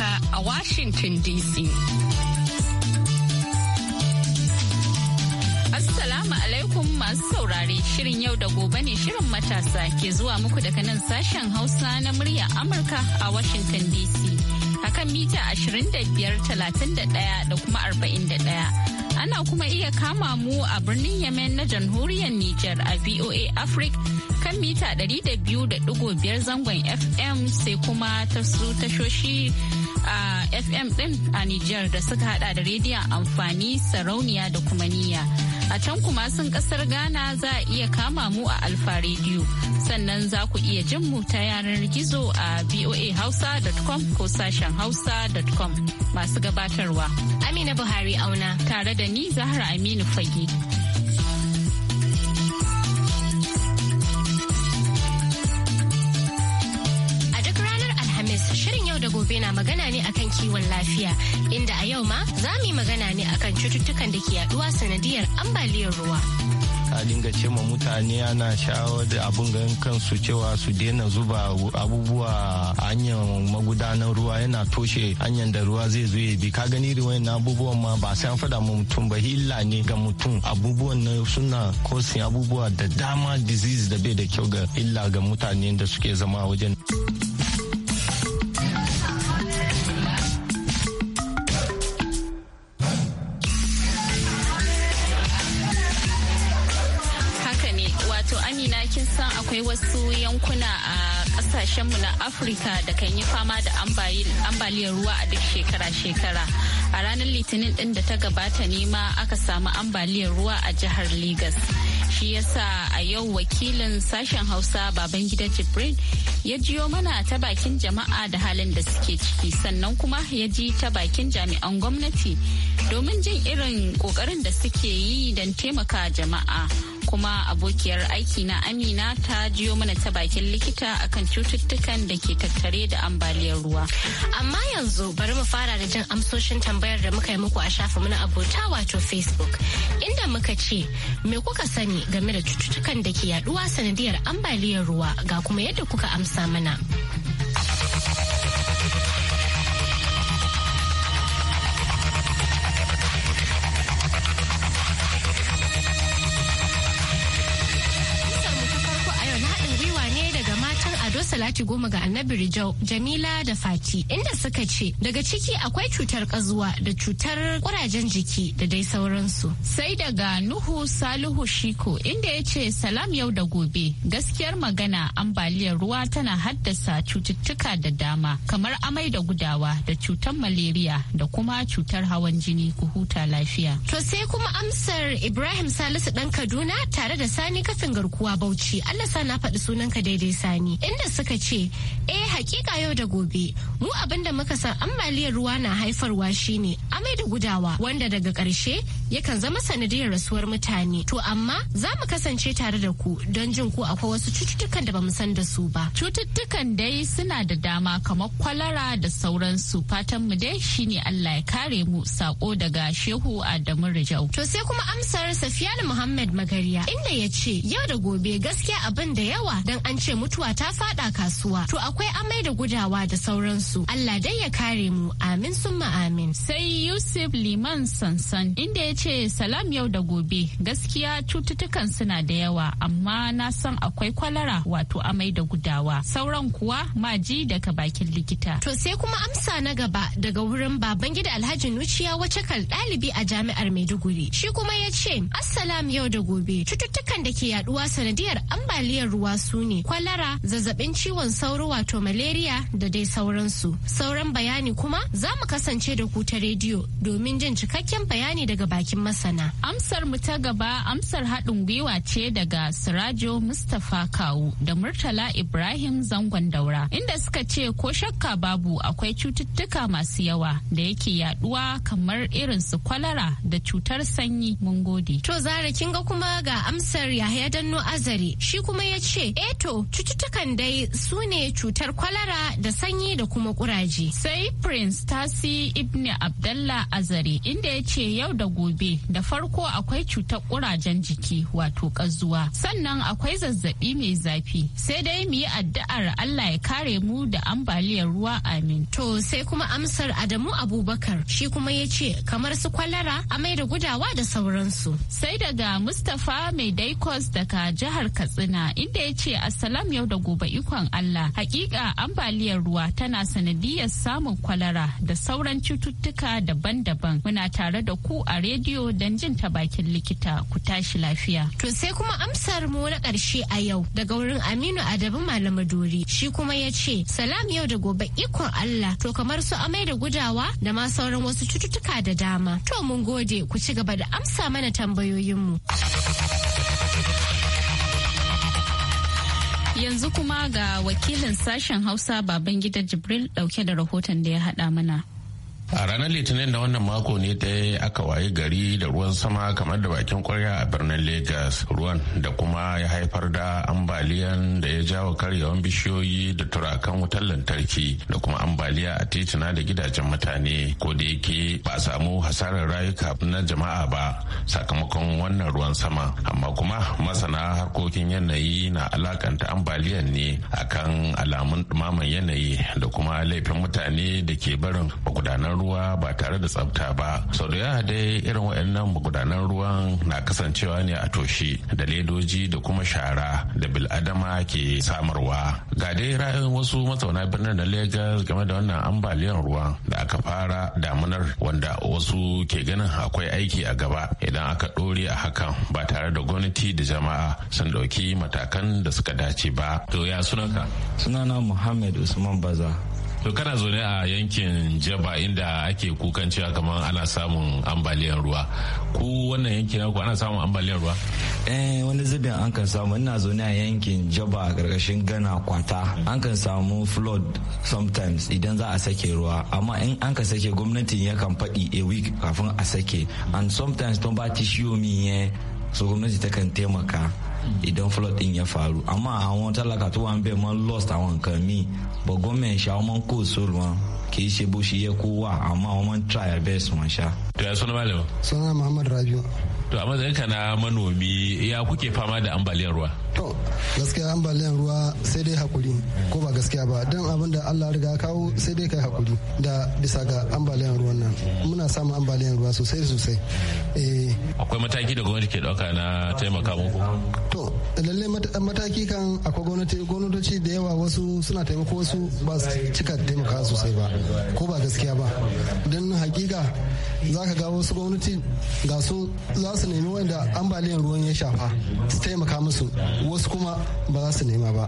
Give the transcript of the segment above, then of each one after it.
Amurka a Washington DC. Assalamu alaikum masu saurare shirin yau da gobe ne shirin matasa ke zuwa muku daga nan sashen Hausa na murya Amurka a Washington DC. Akan mita 25,31 da kuma 41. ana kuma iya kama mu a birnin Yemen na jamhuriyar Nijar a VOA Africa kan mita 200.5 zangon FM sai kuma ta su tashoshi a FM ɗin a Nijar da suka hada da rediyon amfani sarauniya da kuma niyya. A can kuma sun kasar Ghana za a iya kama mu a Alfa Radio. Sannan za ku iya jin mu ta yanar gizo a voahausa.com ko sashen hausa.com masu gabatarwa. Amina Buhari auna tare da ni Zahra Aminu Fage. magana ne akan kiwon lafiya inda a yau ma za mu yi magana ne akan cututtukan da ke yaduwa sanadiyar ambaliyar ruwa. a dinga ce ma mutane ana shawar da abin gan kansu cewa su daina zuba abubuwa a hanyar magudanar ruwa yana toshe hanyar da ruwa zai zo ya bi ka gani da na abubuwan ma ba sai an fada ma mutum ba illa ne ga mutum abubuwan na suna kosin abubuwa da dama disease da bai da kyau ga illa ga mutane da suke zama wajen. kin san akwai wasu yankuna a kasashenmu na afirka da kan yi fama da ambaliyar ruwa a duk shekara-shekara a ranar litinin din da ta gabata ne ma aka samu ambaliyar ruwa a jihar Legas. shi yasa a yau wakilin sashen hausa baban gida jibrin ya jiyo mana ta bakin jama'a da halin da suke ciki sannan kuma ya ji ta bakin jami'an gwamnati domin jin irin kokarin da suke yi don taimaka jama'a kuma abokiyar aiki na Amina ta jiyo mana ta bakin likita akan cututtukan da ke tattare da ambaliyar ruwa. Amma yanzu bari mu fara da jin amsoshin tambayar da muka yi muku a shafinmu na abota wato Facebook inda muka ce me kuka sani game da cututtukan da ke yaduwa sanadiyar ambaliyar ruwa ga kuma yadda kuka amsa mana. sati goma ga annabi Rijau, Jamila da Fati, inda suka ce daga ciki akwai cutar kazuwa da cutar kurajen jiki da dai sauransu. Sai daga Nuhu Salihu Shiko inda ya ce salam yau da gobe gaskiyar magana ambaliyar ruwa tana haddasa cututtuka da dama kamar amai da gudawa da cutar malaria da kuma cutar hawan jini ku huta lafiya. To sai kuma amsar Ibrahim Salisu dan Kaduna tare da Sani kafin garkuwa Bauchi. Allah sa na faɗi sunanka daidai Sani. Inda suka ce ce, "Eh hakika yau da gobe, mu abin da muka san ambaliyar ruwa na haifarwa shine amai da gudawa wanda daga ƙarshe yakan zama sanadiyar rasuwar mutane. To amma za mu kasance tare da ku don jin ko akwai wasu cututtukan da bamu san da su ba. Cututtukan dai suna da dama kamar kwalara da sauransu. Fatan mu dai shine Allah ya kare mu sako daga Shehu Adamu Rijau. To sai kuma amsar safiyal Muhammad Magariya inda ya ce yau da gobe gaskiya abin da yawa dan an ce mutuwa ta fada ka kasuwa. To akwai amai da gudawa da sauransu. Allah dai ya kare mu amin summa amin. Sai Yusuf Liman Sansan inda ya ce salam yau da gobe gaskiya cututtukan suna da yawa amma na san akwai kwalara wato amai da gudawa sauran kuwa maji daga bakin likita. To sai kuma amsa na gaba daga wurin baban gida Alhaji Nuciya wace kal ɗalibi a jami'ar Maiduguri. Shi kuma ya ce assalam yau da gobe cututtukan da ke yaduwa sanadiyar ambaliyar ruwa su ne kwalara zazzabin ciwon ciwon sauro wato malaria da dai sauransu. Sauran bayani kuma za mu kasance da ku ta rediyo domin jin cikakken bayani daga bakin masana. Amsar mu ta gaba amsar haɗin gwiwa ce daga Sirajo Mustapha Kawu da Murtala Ibrahim Zangon Daura inda suka ce ko shakka babu akwai cututtuka masu yawa da yake yaduwa kamar irin su kwalara da cutar sanyi mun gode. To zara kin ga kuma ga amsar Yahaya Danno Azare shi kuma ya ce eh to cututtukan dai su ne cutar kwalara da sanyi da kuma kuraje. Sai Prince Tasi Ibn Abdallah Azare inda ya ce yau da gobe da farko akwai cutar kurajen jiki wato kazuwa sannan akwai zazzabi mai zafi sai dai mu yi addu'ar Allah ya kare mu da ambaliyar ruwa amin. To sai kuma amsar Adamu Abubakar shi kuma ya ce kamar su kwalara amai da gudawa da sauransu. Sai daga Mustapha Mai Daikos daga jihar Katsina inda ya ce Assalam yau da gobe ikon Allah. Hakika ambaliyar ruwa tana sanadiyar samun kwalara da sauran cututtuka daban-daban. Muna tare da ku a rediyo don jin ta bakin likita ku tashi lafiya. To sai kuma amsar mu na ƙarshe a yau daga wurin Aminu Adamu Malamadori. Shi kuma ya ce, Salam yau da gobe ikon Allah to kamar su amai da gudawa da ma sauran wasu cututtuka da dama. To mun gode ku ci gaba da amsa mana tambayoyinmu. Yanzu kuma ga wakilin sashen Hausa Babangida Jibril dauke da rahoton da ya haɗa mana. a ranar litinin da wannan mako ne ɗaya aka waye gari da ruwan sama kamar da bakin kwarya a birnin Legas ruwan da kuma ya haifar da ambaliyan da ya jawo karyawan bishiyoyi da turakan wutar lantarki da kuma ambaliya a titina da gidajen mutane ko da yake ba a samu hasarar rayuka na jama'a ba sakamakon wannan ruwan sama amma kuma masana harkokin yanayi na alakanta ambaliyan ne akan alamun dumaman yanayi da kuma laifin mutane da ke barin gudanar ruwa ba tare da tsafta ba sau da yawa dai irin waɗannan magudanan ruwan na kasancewa ne a toshe da ledoji da kuma shara da biladama ke samarwa ga dai ra'ayin wasu mazauna birnin na lagos game da wannan ambaliyar ruwa da aka fara damunar wanda wasu ke ganin akwai aiki a gaba idan aka ɗore a hakan ba tare da gwamnati da jama'a sun ɗauki matakan da suka dace ba to ya sunanka sunana muhammed usman baza to kana zaune a yankin jaba inda ake kukan cewa kamar ana samun ambaliyar ruwa ku wannan yankin ku ana samun ambaliyar ruwa eh wani zubin an kan samu ina zaune a yankin jaba a karkashin gana kwata an kan samu flood sometimes idan za a sake ruwa amma in an ka sake gwamnatin yakan faɗi a week kafin a sake and sometimes don ba min tishiyomi so gwamnati takan taimaka idan flood din ya faru amma awon talaka to wà be man lost awon kan mi but government sha o man ko so sóòlù wọn kì í ṣe bó ṣe yẹ kó wà àmọ́ àwọn try our best wọn sha to ya suna malama. suna muhammad rajo to amma matsayinka kana manomi ya kuke fama da ambaliyar ruwa. to gaskiya ambaliyar ruwa sai dai hakuri ko ba gaskiya ba don abin da allah riga kawo sai dai kai hakuri da bisa ga ambaliyar ruwan nan muna samun ambaliyar ruwa sosai sosai eh. akwai mataki da gwamnati ke dauka na taimaka muku to lalle mataki kan akwai gwamnati gwamnatoci da yawa wasu suna taimako wasu ba su cika taimaka sosai ba ko ba gaskiya ba don hakika za ka ga wasu gwamnati ga su za su nemi wanda ambaliyar ruwan ya shafa su taimaka musu wasu kuma ba za su nema ba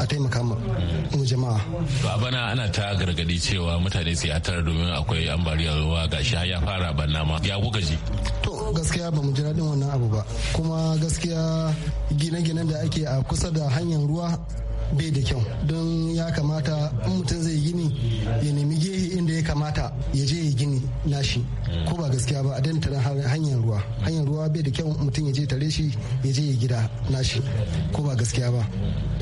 a taimaka mu jama'a to a bana ana ta gargadi cewa mutane su tara domin akwai ambaliyar ruwa ga shi ya fara banna ma ya kuka ji to gaskiya ba mu ji daɗin wannan abu ba kuma gaskiya gine-ginen da ake a kusa da hanyar ruwa bai da kyau don ya kamata in mutum zai gini ya nemi gehe inda ya kamata ya je ya gini nashi ko ba gaskiya ba a dan tare hanyar ruwa hanyar ruwa bai da kyau mutum ya je tare shi ya je ya gida nashi ko ba gaskiya ba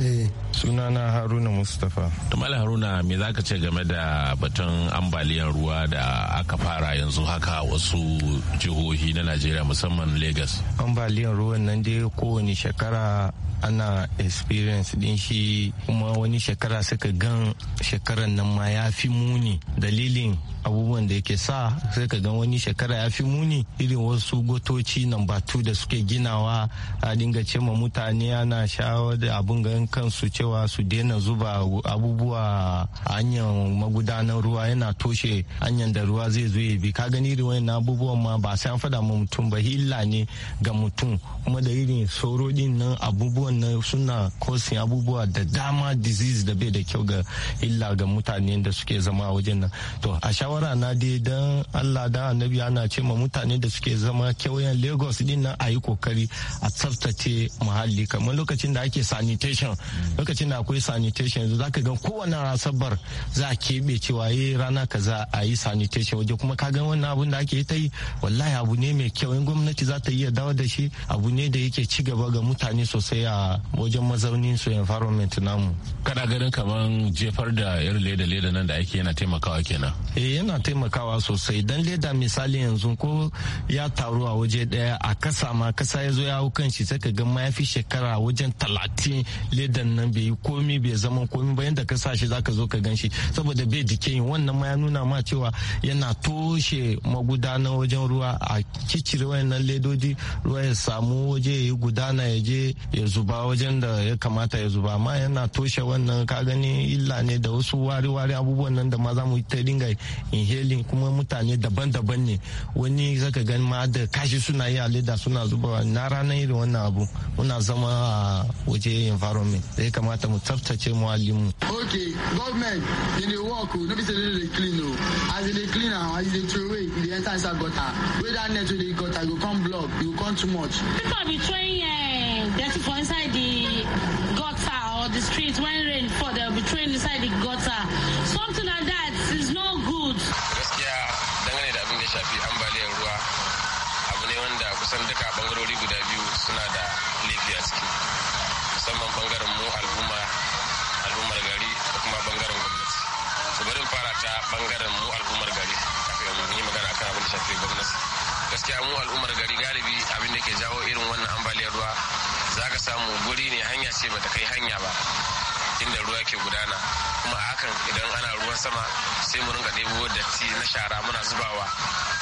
eh. sunana haruna mustapha tumala haruna me za ce game da batun ambaliyar ruwa da aka fara yanzu haka wasu jihohi na najeriya musamman lagos ambaliyar ruwan nan dai kowane shekara ana experience din shi kuma wani shekara suka gan shekaran nan ma ya fi muni dalilin abubuwan da yake sa sai ka gan wani shekara ya fi muni irin wasu gotoci nan batu da suke ginawa a dinga ce ma mutane ana shawo da abun gan kansu cewa su daina zuba abubuwa a hanyar magudanar ruwa yana toshe hanyar da ruwa zai zo ya bi ka gani irin wani abubuwan ma ba sai an fada ma mutum ba illa ne ga mutum kuma da irin sauro din nan abubuwan abubuwan na suna kosin abubuwa da dama disease da bai da kyau ga illa ga mutane da suke zama a wajen nan to a shawara na dai dan allah da annabi ana ce ma mutane da suke zama kewayen lagos din nan a kokari a tsaftace muhalli kamar lokacin da ake sanitation lokacin da akwai sanitation za zaka ga kowane asabar za a keɓe cewa yi eh, rana kaza a yi sanitation waje kuma ka ga wannan abun da ake ta yi wallahi abu ne mai kyau in gwamnati za ta iya dawo da shi abu ne da yake ci gaba ga mutane sosai a wajen mazaunin su environment namu kana ganin kaman jefar da yar leda leda nan da ake yana taimakawa kenan eh yana taimakawa sosai dan leda misali yanzu ko ya taru a waje daya a kasa ma kasa ya zo ya hau kan shi sai ka ga ma ya fi shekara wajen talatin leda nan bai yi komi bai zama komi ba yanda ka sa zaka zo ka gan shi saboda bai jike wannan ma ya nuna ma cewa yana toshe magudanar wajen ruwa a kicire wayannan ledoji ruwa ya samu waje ya yi gudana ya je ya zuba zuba wajen da ya kamata ya zuba amma yana toshe wannan ka gani illa ne da wasu wari-wari abubuwan nan da ma za mu ta dinga inhaling kuma mutane daban-daban ne wani zaka gani ma da kashi suna yi a leda suna zuba na ranar irin wannan abu muna zama a waje environment da ya kamata mu tsaftace muhallinmu. ok government in dey work no be say dem dey clean o as dem dey clean am as dem dey throw away e dey enter inside gutter wey that net wey dey gutter go come block e go come too much. people be throwing uh, dirty for inside the gutter or the street when rain fall they'll be thrown inside the gutter something like that is no good gaskiya dangane da abin da shafi ambaliyar ruwa abu ne wanda kusan duka bangarori guda biyu suna da laifi ciki musamman bangaren mu al'umma al'ummar gari da kuma bangaren gwamnati su bari fara ta bangaren mu al'ummar gari kafin yi magana kan abin da shafi gwamnati gaskiya mu al'ummar gari galibi abin da ke jawo irin wannan ambaliyar ruwa za ka samu guri ne hanya ce bata kai hanya ba inda ruwa ke gudana kuma a hakan idan ana ruwan sama sai mu rinka ɗebo datti na shara muna zubawa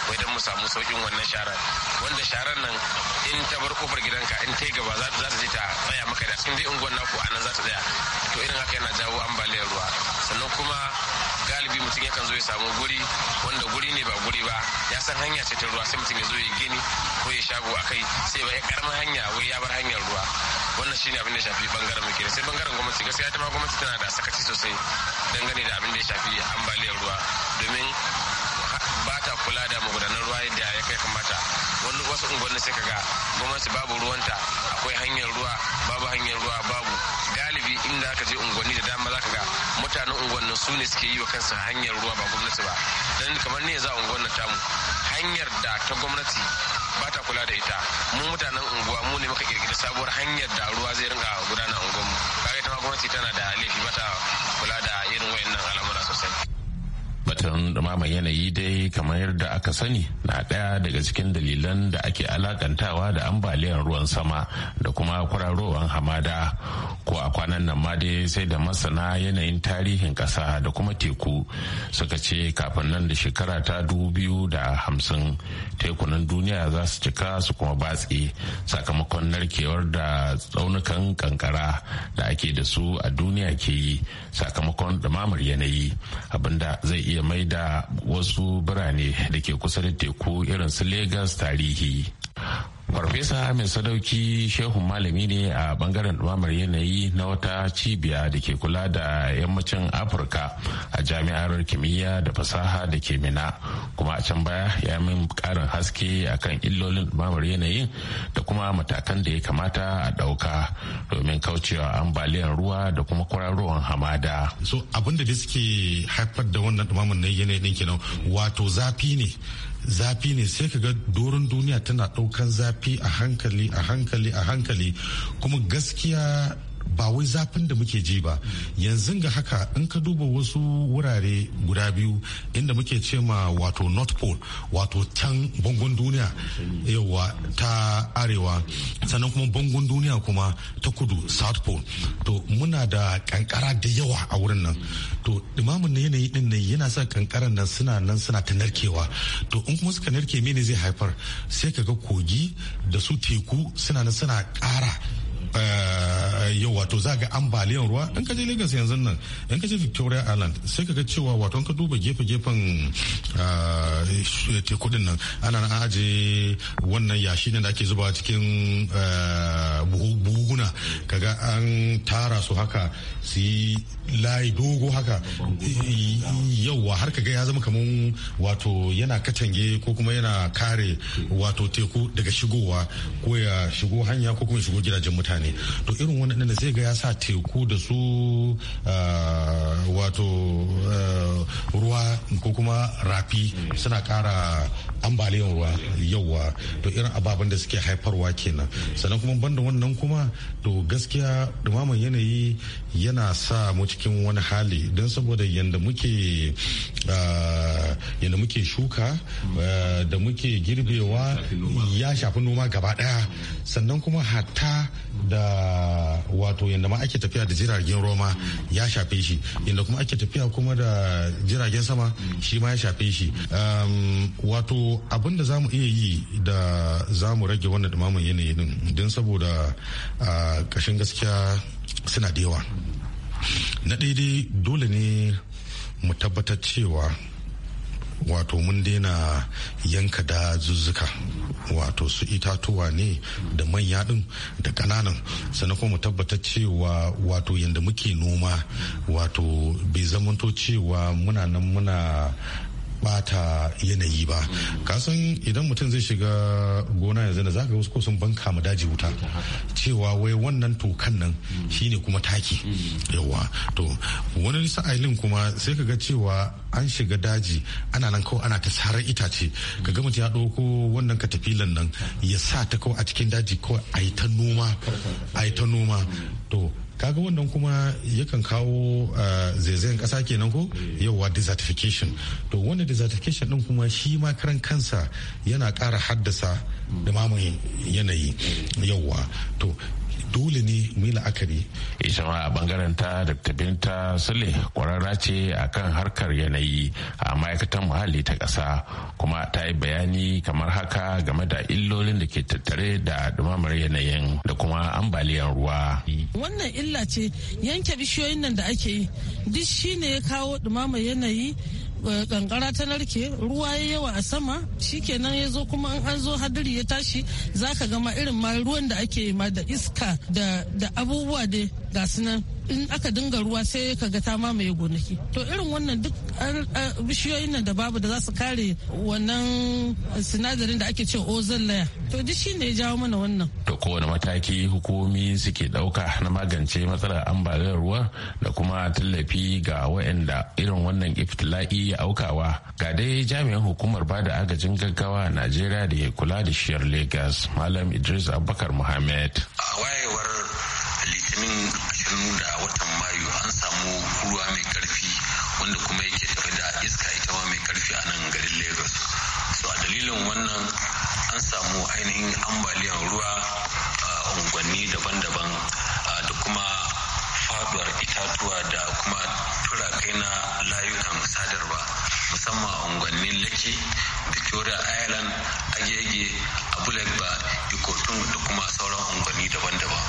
wai don mu samu saukin wannan sharar wanda sharar nan in ta bar kofar gidanka in ta yi gaba za ta je ta tsaya maka da cikin dai unguwar naku a nan za ta tsaya to irin haka yana jawo ambaliyar ruwa sannan kuma galibi mutum yakan zo ya samu guri wanda guri ne ba guri ba ya san hanya ce ta ruwa sai mutum ya zo ya gini ko ya shago a kai sai ba ya karamin hanya wai ya bar hanyar ruwa wannan shine abin da ya shafi bangaren muke sai bangaren gwamnati gaskiya ta ma gwamnati tana da sakaci sosai dangane da abin da ya shafi ambaliyar ruwa domin ba ta kula da magudanar ruwa yadda ya kai kamata wani wasu unguwanni sai kaga gwamnati babu ruwanta akwai hanyar ruwa mutanen unguwannin su ne suke yi wa kansu hanyar ruwa ba gwamnati ba don kamar ne za a unguwannin tamu hanyar da ta gwamnati ba ta kula da ita mu mutanen unguwa mu ne muka kirkiri sabuwar hanyar da ruwa zai rinka gudana mu kaga ta ma gwamnati tana da laifi ba ta kula da irin wayannan al'amura sosai tabbatar dumama yanayi dai kamar yadda aka sani na ɗaya daga cikin dalilan da ake alakantawa da ambaliyar ruwan sama da kuma kwararowar hamada ko a kwanan nan ma dai sai da masana yanayin tarihin ƙasa da kuma teku suka ce kafin nan da shekara ta dubu da hamsin tekunan duniya za su cika su kuma batse sakamakon narkewar da tsaunukan kankara da ake da su a duniya ke yi sakamakon ɗumamar yanayi abinda zai iya maida wasu birane da ke kusa da teku irin su Legas tarihi. Farfesa mai sadauki shehun malami ne a bangaren ɗumamar yanayi na wata cibiya da ke kula da yammacin Afirka a jami'ar kimiyya da fasaha da ke mina kuma a can baya ya min karin haske akan illolin ɗumamar yanayi da kuma matakan da ya kamata a ɗauka domin kaucewa ambaliyar ruwa da kuma kwararowar hamada. So abin da suke haifar da wannan ɗumamar yanayin kenan wato zafi ne zafi ne sai ka ga doron duniya tana daukan zafi a hankali a hankali a hankali kuma gaskiya ba wai zafin da muke ji ba yanzu ga haka in ka duba wasu wurare guda biyu inda muke ce ma wato north pole wato can bangon duniya yawa ta arewa sannan kuma bangon duniya kuma ta kudu south pole to muna da kankara da yawa a wurin nan to imamun yanayi din nan yana sa kankaran nan suna nan suna ta narkewa to in kuma suka narke mene zai haifar sai ka ga kogi da su teku suna nan suna kara eh, yau wato za ga ambaliyan ruwa in ka je Lagos yanzu nan in ka je Victoria Island sai ka ga cewa wato ka duba gefe-gefen ah, teku din nan ana an aje wannan yashi ne da ake zuba cikin ah, buhuguna kaga an tara su haka su yi layi dogo haka yauwa har kaga ya zama kamar wato yana katange ko kuma yana kare wato teku daga shigowa ko ya shigo hanya ko kuma shigo gidajen mutane to irin wani waɗanda da sai ga ya sa teku da su ah, wato ah, ruwa ko kuma rafi suna kara ambaliyan ruwa yauwa to irin ababen da suke haifarwa kenan sannan kuma banda wannan kuma to gaskiya dumaman yanayi yana sa mu cikin wani hali don saboda yadda muke ah, yadda muke shuka ah, da muke girbewa ya shafi noma gaba daya sannan kuma hatta da wato yadda ma ake tafiya da jiragen roma ya shafe shi yadda kuma ake tafiya kuma da jiragen sama shi ma ya shafe shi wato abin da za mu iya yi da za mu rage wannan dumamin din don saboda ah, ƙashin gaskiya suna da yawa na daidai dole ne mu tabbatar cewa wato mun daina yanka da zuzzuka wato su itatuwa ne da manya din da kananan sannan kuma mu tabbatar cewa wato yadda muke noma wato bai zamanto cewa muna nan muna bata yanayi ba kasan idan mutum zai shiga gona yanzu da zaka wasu sun banka ma daji wuta cewa wai wannan tokan nan shine kuma taki yawa to wani ailin kuma sai ka ga cewa an shiga daji ana nan kawai ana ta sarar itace ka ga mutum ya ɗauko wannan katafilan nan ya sa ta kawai a cikin daji kawai a yi ta noma a yi ta noma to kaga wannan kuma yakan kawo ah, zaizayen kasa kenan ko yauwa desertification to wannan desertification din kuma shi ma karan kansa yana kara haddasa da mamaye yanayi yauwa to dole ne mu yi la'akari. ita ma a bangaren ta dr binta sule kwararra ce a kan harkar yanayi a ma'aikatan muhalli ta ƙasa kuma ta yi bayani kamar haka game da illolin da ke tattare da dumamar yanayin da kuma ambaliyar ruwa. wannan illa ce yanke bishiyoyin nan da ake yi duk shine ya kawo dumamar yanayi kankara eh, ta narke ruwa ya yawa a sama shi shikenan ya zo kuma an an zo hadiri ya tashi za ka gama irin ma ruwan da ake ma da iska da abubuwa da ga nan in aka dinga ruwa sai ka ga ta mamaye gonaki to irin wannan duk bishiyoyin nan da babu da za su kare wannan sinadarin da ake ce ozon laya to duk shi ne ya jawo mana wannan to kowane mataki hukumomi suke ɗauka na magance matsalar ambaliyar ruwa da kuma tallafi ga waɗanda irin wannan iftila'i ya aukawa ga dai jami'an hukumar ba da agajin gaggawa a najeriya da ke kula da shiyar lagos malam idris abubakar muhammad a wayewar litinin da watan mayu an samu ruwa mai karfi wanda kuma yake tafi da iska ita mai karfi a nan garin lagos so a dalilin wannan an samu ainihin ambaliyan ruwa a unguwanni daban-daban da kuma faduwar itatuwa da kuma turakai na layukan sadarwa musamman a unguwannin laki victoria island agege abulagba ikotun da kuma sauran unguwanni daban-daban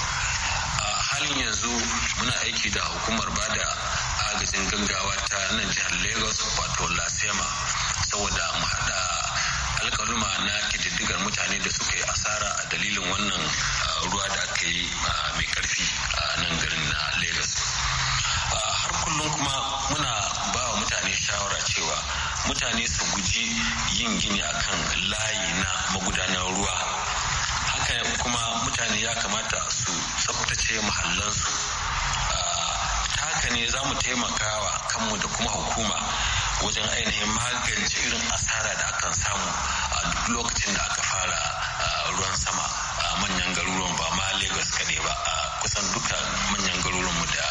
a halin yanzu muna aiki da hukumar bada agajin gaggawa ta nan jihar lagos wato lasema saboda mu haɗa alkaluma na ƙididdigar mutane da suka yi asara a dalilin wannan ruwa da aka yi mai ƙarfi a nan garin na lagos har kullum kuma muna ba wa mutane shawara cewa mutane su guji yin gini a kan layi na magudanar ruwa haka kuma mutane ya kamata su tsabtace mahallansu haka ne za mu taimaka wa kanmu da kuma hukuma wajen ainihin magance irin asara da akan samu a duk lokacin da aka fara ruwan sama a manyan garuruwan ba ma lagos kaɗai ba a kusan duka manyan garuruwanmu da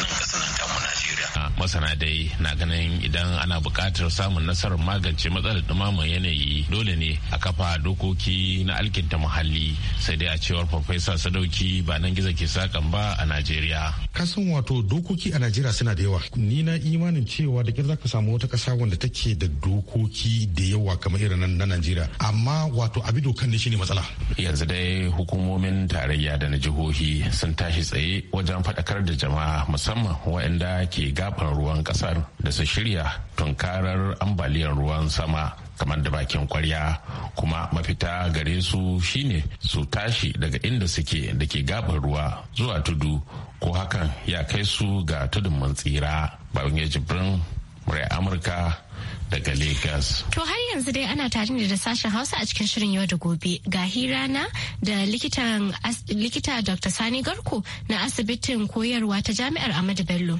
nan kasar mu Najeriya. Masana dai na ganin idan ana buƙatar samun nasarar magance matsalar ɗumamar yanayi dole ne a kafa dokoki na alkinta muhalli sai dai a cewar Farfesa Sadauki ba nan gizo ke sakan ba a Najeriya. Kasan wato dokoki a Najeriya suna da yawa. Ni na imanin cewa da za ka samu wata ƙasa wanda take da dokoki da yawa kamar irin na Najeriya. Amma wato abi dokan ne shine matsala. Yanzu dai hukumomin tarayya da na jihohi sun tashi tsaye wajen faɗakar da jama'a musamman musamman waɗanda ke gaban ruwan ƙasar da su shirya tunkarar ambaliyar ruwan sama kamar da bakin kwarya kuma mafita gare su shine su tashi daga inda suke da ke gaban ruwa zuwa tudu ko hakan ya kai su ga tudun mun tsira babin ya jibrin murai amurka daga Lagos. To har yanzu dai ana tare da sashen Hausa a cikin shirin yau da gobe ga hirana da likita Dr. Sani Garko na asibitin koyarwa ta Jami'ar Ahmadu Bello.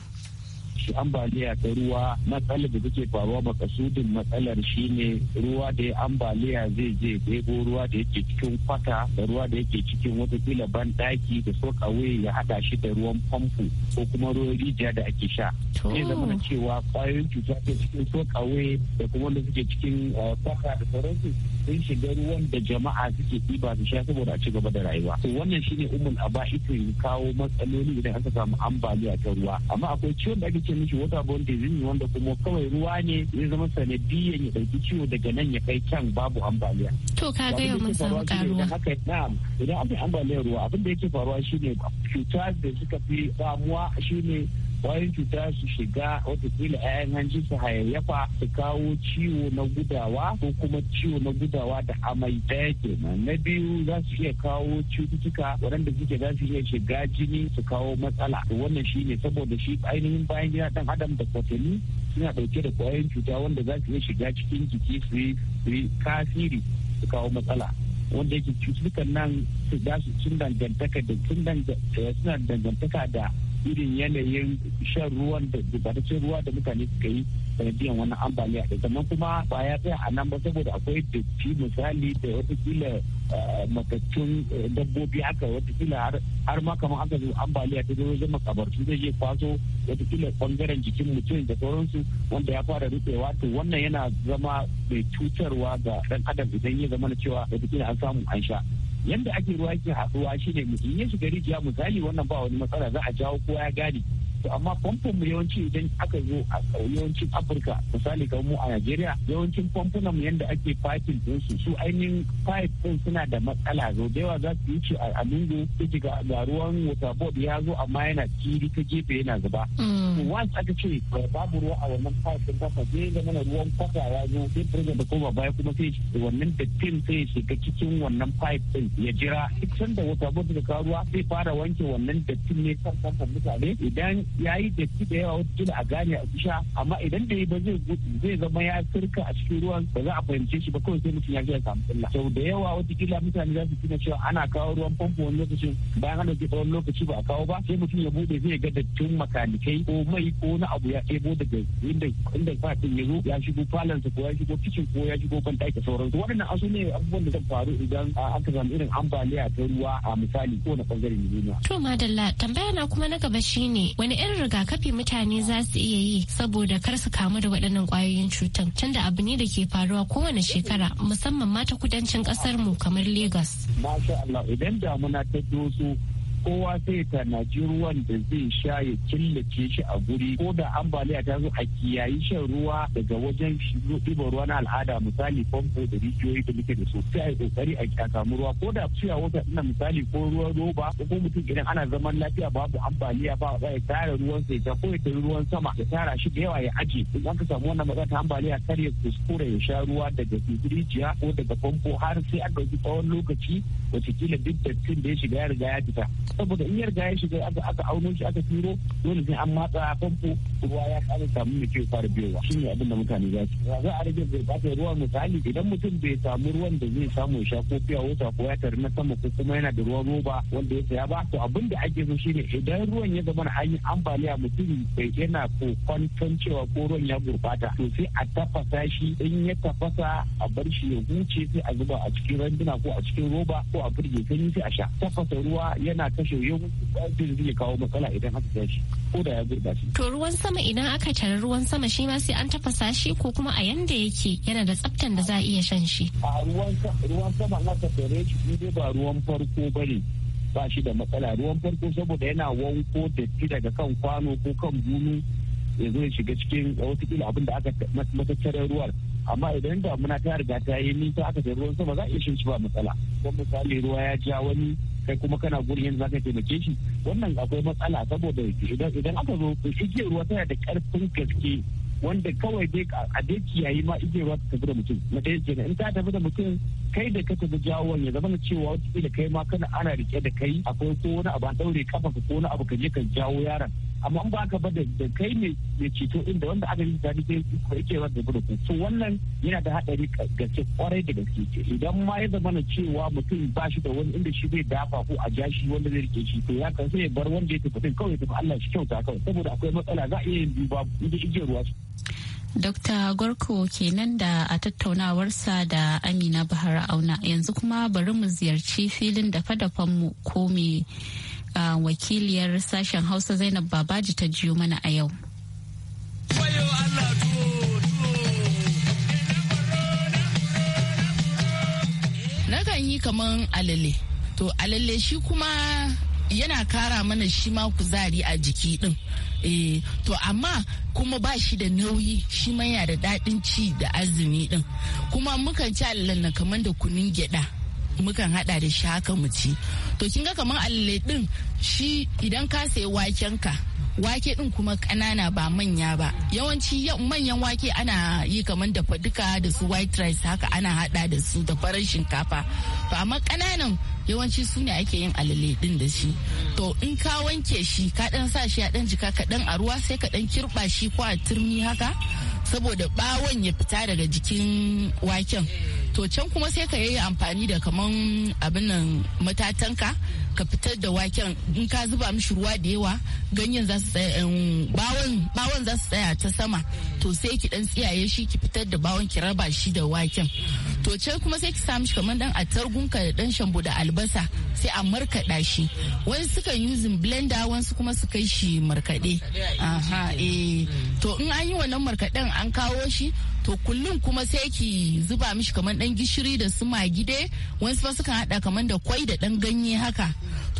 shi ambaliya ta ruwa matsalar da take faruwa makasudin matsalar shine ruwa da ya ambaliya zai je ɗebo ruwa da yake cikin kwata da ruwa da yake cikin kila ban ɗaki da kawai ya haɗa shi da ruwan famfo ko kuma ruwan rijiya da ake sha. Zai zama na cewa kwayoyin cuta ta cikin kawai da kuma wanda suke cikin eh, kwata da sauransu sun shiga ruwan da jama'a suke ɗiba su sha saboda a ci gaba da rayuwa. To wannan shi shine umul ita kawo matsaloli idan aka samu ambaliya ta ruwa. Amma akwai ciwon da ake ce mishi waterborne disease wanda kuma kawai ruwa ne ya zama sanadiyan ya ɗauki ciwo daga nan ya kai can babu ambaliya. To ka ga yau mun samu karuwa. Haka na'am idan aka ambaliyar ruwa abin da yake faruwa shine cuta da suka fi damuwa shine kwayoyin cuta su shiga watakila 'ya'yan hanji su hayayyafa su kawo ciwo na gudawa ko kuma ciwo na gudawa da amai ɗaya kenan na biyu za su iya kawo cututtuka waɗanda suke za su iya shiga jini su kawo matsala to wannan shine saboda shi ainihin bayan gida ɗan adam da kwatanni suna ɗauke da kwayoyin cuta wanda za su iya shiga cikin jiki su yi tasiri su kawo matsala wanda yake cututtukan nan su da su sun dangantaka da eh, irin yanayin shan ruwan da gurbatacce ruwa da mutane suka yi sanadiyan wannan ambaliya da sannan kuma ba ya tsaya a nan ba saboda akwai datti misali da watakila eh, matattun eh, dabbobi haka watakila har ma kamar aka zo ambaliya ta zama wajen makabartu zai iya kwaso watakila bangaren jikin mutum da sauransu wanda ya fara rufewa to wannan yana zama mai cutarwa ga dan adam idan ya zama na cewa watakila an samu an sha yanda ake ruwa ke haɗuwa shine mutum ya shiga rijiya misali wannan ba wani matsala za a jawo kowa ya gane to amma famfon mu yawanci idan aka zo a yawancin afirka misali kamar mu a nigeria yawancin famfunan mu yanda ake fakin ɗinsu su ainihin pipe ɗin suna da matsala zo da yawa za su yi a lungu ji ga ruwan waterboard ya zo amma yana kiri ta gefe yana zuba. Mm. to once aka ce eh, babu ruwa a wannan pipe ɗin kafa zai zama na ruwan kwata ya zo sai furga da koma baya kuma sai wannan dattin sai ya shiga cikin wannan pipe ɗin ya jira duk sanda waterboard da kawo ruwa sai fara wanke wannan dattin ne kan kamfan mutane idan ya yi datti da yawa wata kila a gane a kusha amma idan da yi ba zai gudu zai zama ya sirka a cikin ruwan ba za a fahimce shi ba kawai sai mutum ya ji ya samu illa sau da yawa wata kila mutane za su tuna cewa ana kawo ruwan famfo wani lokacin bayan ana ke tsawon lokaci ba a kawo ba sai mutum ya bude zai ga dattin makanikai ko mai ko na abu ya ɗebo daga inda inda fatin ya zo ya shigo falansa ko ya shigo kicin ko ya shigo ban ɗaki sauransu waɗannan asu ne abubuwan da zan faru idan aka samu irin ambaliya ta ruwa a misali ko na ɓangaren ne. to madalla tambaya na kuma na gaba shine wani irin rigakafi mutane za su iya yi saboda kar su kamu da waɗannan ƙwayoyin cutan tunda abu ne da ke faruwa kowane shekara musamman ma ta kudancin ƙasar mu kamar Legas. Masha Allah idan damuna ta doso kowa sai ta naji ruwan da zai sha ya killace shi a guri ko da ambaliya ta zo a kiyayi shan ruwa daga wajen ɗiban ruwa na al'ada misali famfo da rijiyoyi da muke da su sai a yi kokari a samu ruwa ko da cewa wata ina misali ko ruwan roba ko mutum idan ana zaman lafiya babu ambaliya ba za ya tara ruwan sai ta ko ya tara ruwan sama ya tara shi da yawa ya aje in an ka samu wannan matsala ta ambaliya kar ya kuskura ya sha ruwa daga rijiya ko daga famfo har sai an ɗauki tsawon lokaci kila duk dattin da ya shiga ya riga ya fita saboda in yarda ya shiga aka aka auno shi aka turo dole sai an matsa famfo ruwa ya kare samu da ke fara biyowa shine abin da mutane za su za a rage gurbatar ruwa misali idan mutum bai samu ruwan da zai samu ya sha ko fiya wata ko ya tare na sama ko kuma yana da ruwan roba wanda ya saya ba to abin da ake so shine idan ruwan ya zama an yi ambaliya mutum bai yana kokon cewa ko ruwan ya gurbata to sai a tafasa shi in ya tafasa a bar shi ya huce sai a zuba a cikin randuna ko a cikin roba ko a burge sanyi sai a sha tafasa ruwa yana kashe yawanci tasirin zai kawo matsala idan haka ko da ya shi. To ruwan sama idan aka tara ruwan sama shi ma sai an tafasa shi ko kuma a yanda yake yana da tsaftan da za a iya shan shi. A ruwan sama na tafere shi dai ba ruwan farko ba ne. ba shi da matsala ruwan farko saboda yana wanko datti daga kan kwano ko kan bunu ya zo shiga cikin wata abin da aka matattarar ruwan amma idan damuna ta riga ta yi nisa aka da ruwan sama za a iya shi ba matsala don misali ruwa ya ja wani kai kuma kana guri yanzu zaka taimake shi wannan akwai matsala saboda idan idan aka zo igiyar ruwa tana da karfin gaske wanda kawai dai a dai kiyayi ma igiyar ruwa ta tafi da mutum na ɗaya kenan in ta tafi da mutum kai da ka tafi jawon ya zama na cewa wata kai ma kana ana rike da kai akwai ko wani abu an ɗaure kafa ko wani abu ka je ka jawo yaron amma ba ka ba da kai ne mai ceto inda wanda aka yi tsari sai ko yake wanda gudu so wannan yana da hadari gaske kwarai da gaske idan ma ya zama na cewa mutum ba shi da wani inda shi zai dafa ko a ja shi wanda zai rike shi to ya kan sai bar wanda ya tafi kawai tafi Allah shi kyauta kawai saboda akwai matsala za a iya yin duba inda igiyar ruwa Dokta Gorko kenan da a tattaunawarsa da Amina Bahar Auna yanzu kuma bari mu ziyarci filin dafa fadafanmu ko me wakiliyar sashen hausa zainab babaji ta jiyo mana a yau nakan yi kaman alale to alale shi kuma yana kara mana shi ma kuzari a jiki din eh to amma kuma ba shi da nauyi shi ma yana da daɗin ci da azumi din kuma mukan ci alalen na kaman da kunun gyaɗa mukan hada da shi haka mu ci to kin ga kaman alle din shi idan ka sayi waken ka wake din kuma kanana ba manya ba yawanci manyan wake ana yi kaman dafa duka da su white rice haka ana hada da su da farar shinkafa to amma kananan yawanci su ne ake yin alale din da shi to in ka wanke shi ka dan sa shi a dan jika ka dan a ruwa sai ka dan kirba shi ko a turmi haka saboda bawon ya fita daga jikin waken to can kuma sai ka yi amfani da kaman abin nan matatanka ka fitar da waken in ka zuba mishi ruwa da yawa ganyen za su tsaya um, bawon za su tsaya ta sama to sai ki dan tsiyaye shi ki fitar da bawon ki raba shi da waken to can kuma sai ki samu shi kamar dan ka da dan shambo da albasa sai a markaɗa shi wani sukan using blender wasu kuma su kai shi markaɗe aha eh to in an yi wannan markaɗen an kawo shi to kullum kuma sai ki zuba mishi kamar dan gishiri da su magide wasu fa sukan hada kamar da kwai da dan ganye haka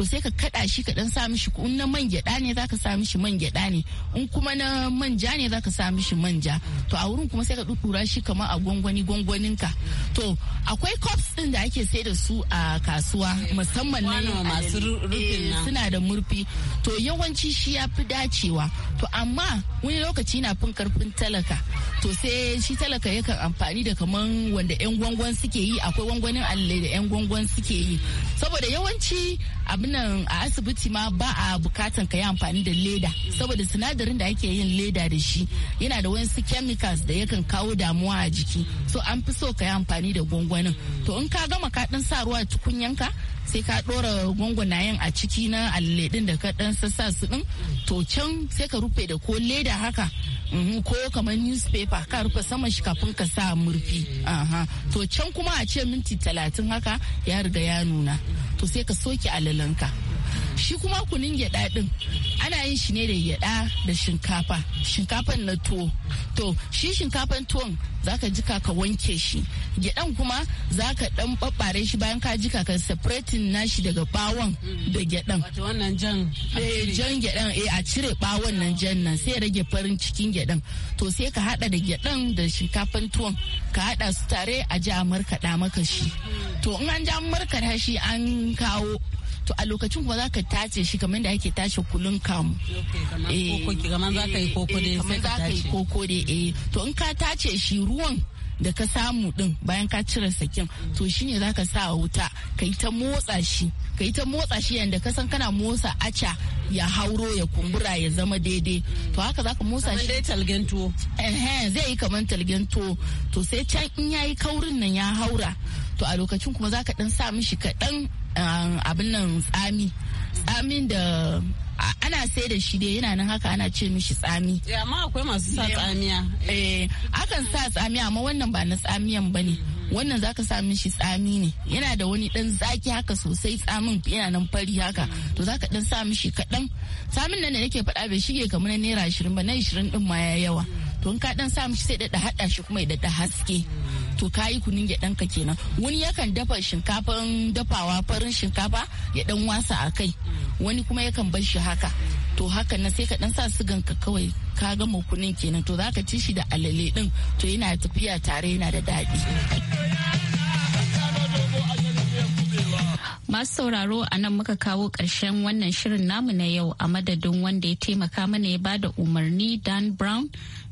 to sai ka kada shi ka dan sa mishi ku na man gyada ne zaka sa mishi man gyada ne in kuma na manja ne zaka sa mishi manja to a wurin kuma sai ka dudura shi kamar a gwangwani gwangwanin ka to akwai cups din da ake sai da su a kasuwa musamman na masu rufin eh, suna da murfi to yawanci shi ya fi dacewa to amma wani lokaci na fin karfin talaka to sai shi talaka yakan amfani da kaman wanda 'yan gwangwan suke yi akwai gwangwanin alle da 'yan gwangwan suke yi saboda yawanci abin wannan a asibiti ma ba a bukatan ka yi amfani da leda saboda sinadarin da ake yin leda da shi yana da wasu chemicals da yakan kawo damuwa a jiki so an fi so ka yi amfani da gwangwanin to in ka gama ka dan sa ruwa tukunyanka sai ka dora gwangwanayen a ciki na alledin da ka dan sassa su din to can sai ka rufe da ko leda haka mhm, ko kamar newspaper ka rufe saman shi kafin ka sa murfi to can kuma a ce minti talatin haka ya riga ya nuna to sai ka soke alalanka shi kuma kunin gyaɗa ɗin ana yin shi ne da gyaɗa da shinkafa shinkafan na tuwo to shi shinkafan tuwon zaka jika ka wanke shi gyaɗan kuma zaka ɗan ɓaɓɓare shi bayan ka jika ka separating nashi daga ɓawon da gyaɗan wato wannan jan eh, jan gyaɗan eh a cire ɓawon nan jan nan sai rage farin cikin gyaɗan to sai ka haɗa da gyaɗan da shinkafan tuwon ka haɗa su tare a ji a markaɗa maka shi to in an ja markaɗa shi an kawo to a lokacin kuma ka tace shi kamar da ake tace kulun kamu eh, ka yi koko dai eh, eh. to in ka tace shi ruwan da ka samu din bayan ka cire sakin to shine zaka sa wuta ka yi ta motsa shi ka yi ta motsa shi yadda ka san kana motsa aca ya hauro ya kumbura ya zama daidai to haka zaka motsa shi dai talgen tuwo zai yi kaman talgen tuwo to sai can in yayi kaurin nan ya haura to a lokacin kuma zaka ɗan sa mishi kaɗan ah, abin nan tsami tsamin da ana sai da shi dai yana nan haka ana ce mishi tsami ya eh, ma akwai masu sa eh, tsamiya eh akan sa tsamiya amma wannan ba na tsamiyan ne. Mm-hmm. wannan za ka sa mishi tsami ne yana da wani dan zaki haka sosai tsamin yana nan fari haka mm-hmm. to za ka dan sa mishi kaɗan. tsamin nan da nake faɗa bai shige kamar na naira ashirin ba na ashirin ɗin ma ya yawa mm-hmm. to in ka dan sa mishi sai da hada shi kuma ya da haske to kayi kunun gyaɗan ka kenan wani yakan dafa shinkafan dafawa farin shinkafa ya dan wasa a kai wani kuma yakan bar shi haka to haka na sai ka dan sa sugan ka kawai ka gama kunin kenan to zaka ci shi da alale din to yana tafiya tare yana da dadi. Masu sauraro a nan muka kawo ƙarshen wannan shirin namu na yau a madadin wanda ya taimaka mana ya bada umarni Dan Brown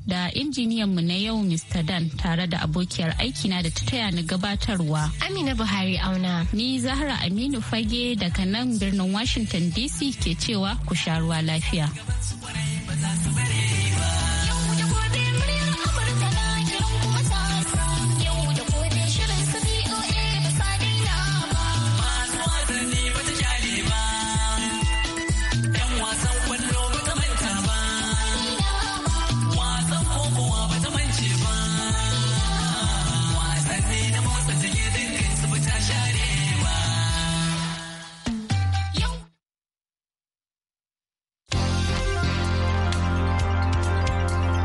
da injiniyan mu na yau Mr. Dan tare da abokiyar aikina da ta taya ni gabatarwa. Amina Buhari auna. Ni Zahra Aminu Fage daga nan birnin Washington DC ke cewa ku sha ruwa lafiya.